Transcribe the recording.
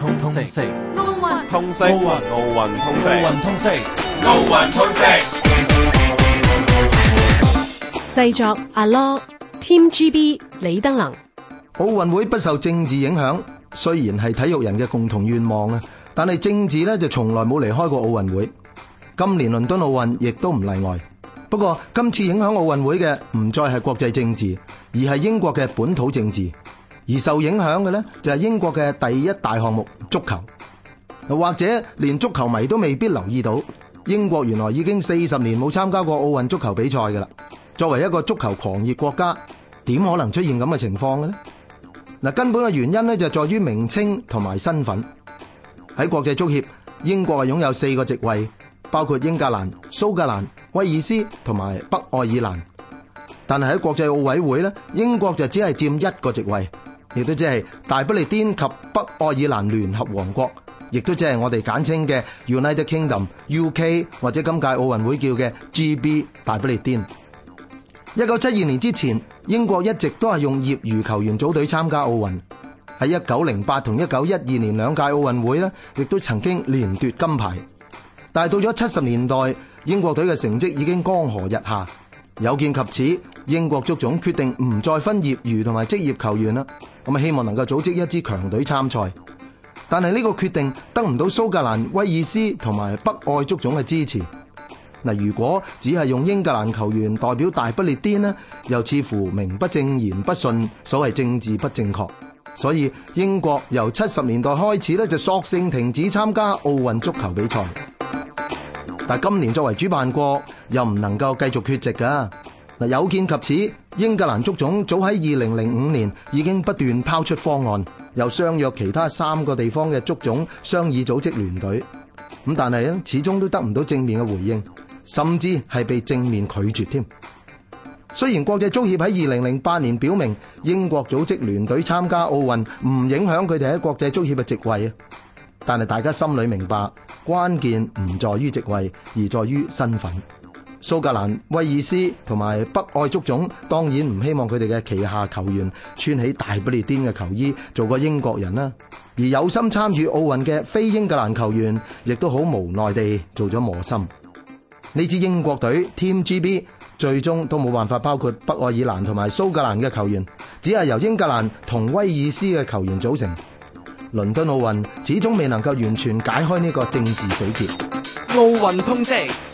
通識通奧運，奧運，奧運通奧運通奧運通製作阿 Lo Team GB 李德能。奧運會不受政治影響，雖然係體育人嘅共同願望啊，但係政治咧就從來冇離開過奧運會。今年倫敦奧運亦都唔例外。不過今次影響奧運會嘅唔再係國際政治，而係英國嘅本土政治。而受影響嘅呢，就係英國嘅第一大項目足球，或者連足球迷都未必留意到，英國原來已經四十年冇參加過奧運足球比賽嘅啦。作為一個足球狂熱國家，點可能出現咁嘅情況嘅呢？嗱，根本嘅原因呢，就係在於名稱同埋身份。喺國際足協，英國係擁有四個席位，包括英格蘭、蘇格蘭、威爾斯同埋北愛爾蘭。但係喺國際奧委會呢，英國就只係佔一個席位。亦都即係大不列顛及北愛爾蘭聯合王國，亦都即係我哋簡稱嘅 United Kingdom（UK），或者今屆奧運會叫嘅 GB 大不列顛。一九七二年之前，英國一直都係用業餘球員組隊參加奧運。喺一九零八同一九一二年兩屆奧運會呢，亦都曾經連奪金牌。但係到咗七十年代，英國隊嘅成績已經江河日下。有見及此，英國足總決定唔再分業餘同埋職業球員啦。咁希望能夠組織一支強隊參賽，但係呢個決定得唔到蘇格蘭、威爾斯同埋北愛足總嘅支持。嗱，如果只係用英格蘭球員代表大不列顛咧，又似乎名不正言不順，所謂政治不正確。所以英國由七十年代開始咧，就索性停止參加奧運足球比賽，但今年作為主辦國又唔能夠繼續缺席噶。嗱，有見及此，英格蘭足總早喺二零零五年已經不斷拋出方案，又相約其他三個地方嘅足總商議組織聯隊。咁但係係咧，始終都得唔到正面嘅回應，甚至係被正面拒絕添。雖然國際足協喺二零零八年表明英國組織聯隊參加奧運唔影響佢哋喺國際足協嘅席位啊，但係大家心裏明白，關鍵唔在於席位，而在於身份。蘇格蘭、威爾斯同埋北愛足總當然唔希望佢哋嘅旗下球員穿起大不列顛嘅球衣，做個英國人啦。而有心參與奧運嘅非英格蘭球員，亦都好無奈地做咗磨心。呢支英國隊 Team GB 最終都冇辦法包括北愛爾蘭同埋蘇格蘭嘅球員，只係由英格蘭同威爾斯嘅球員組成。倫敦奧運始終未能夠完全解開呢個政治死結。奧運通識。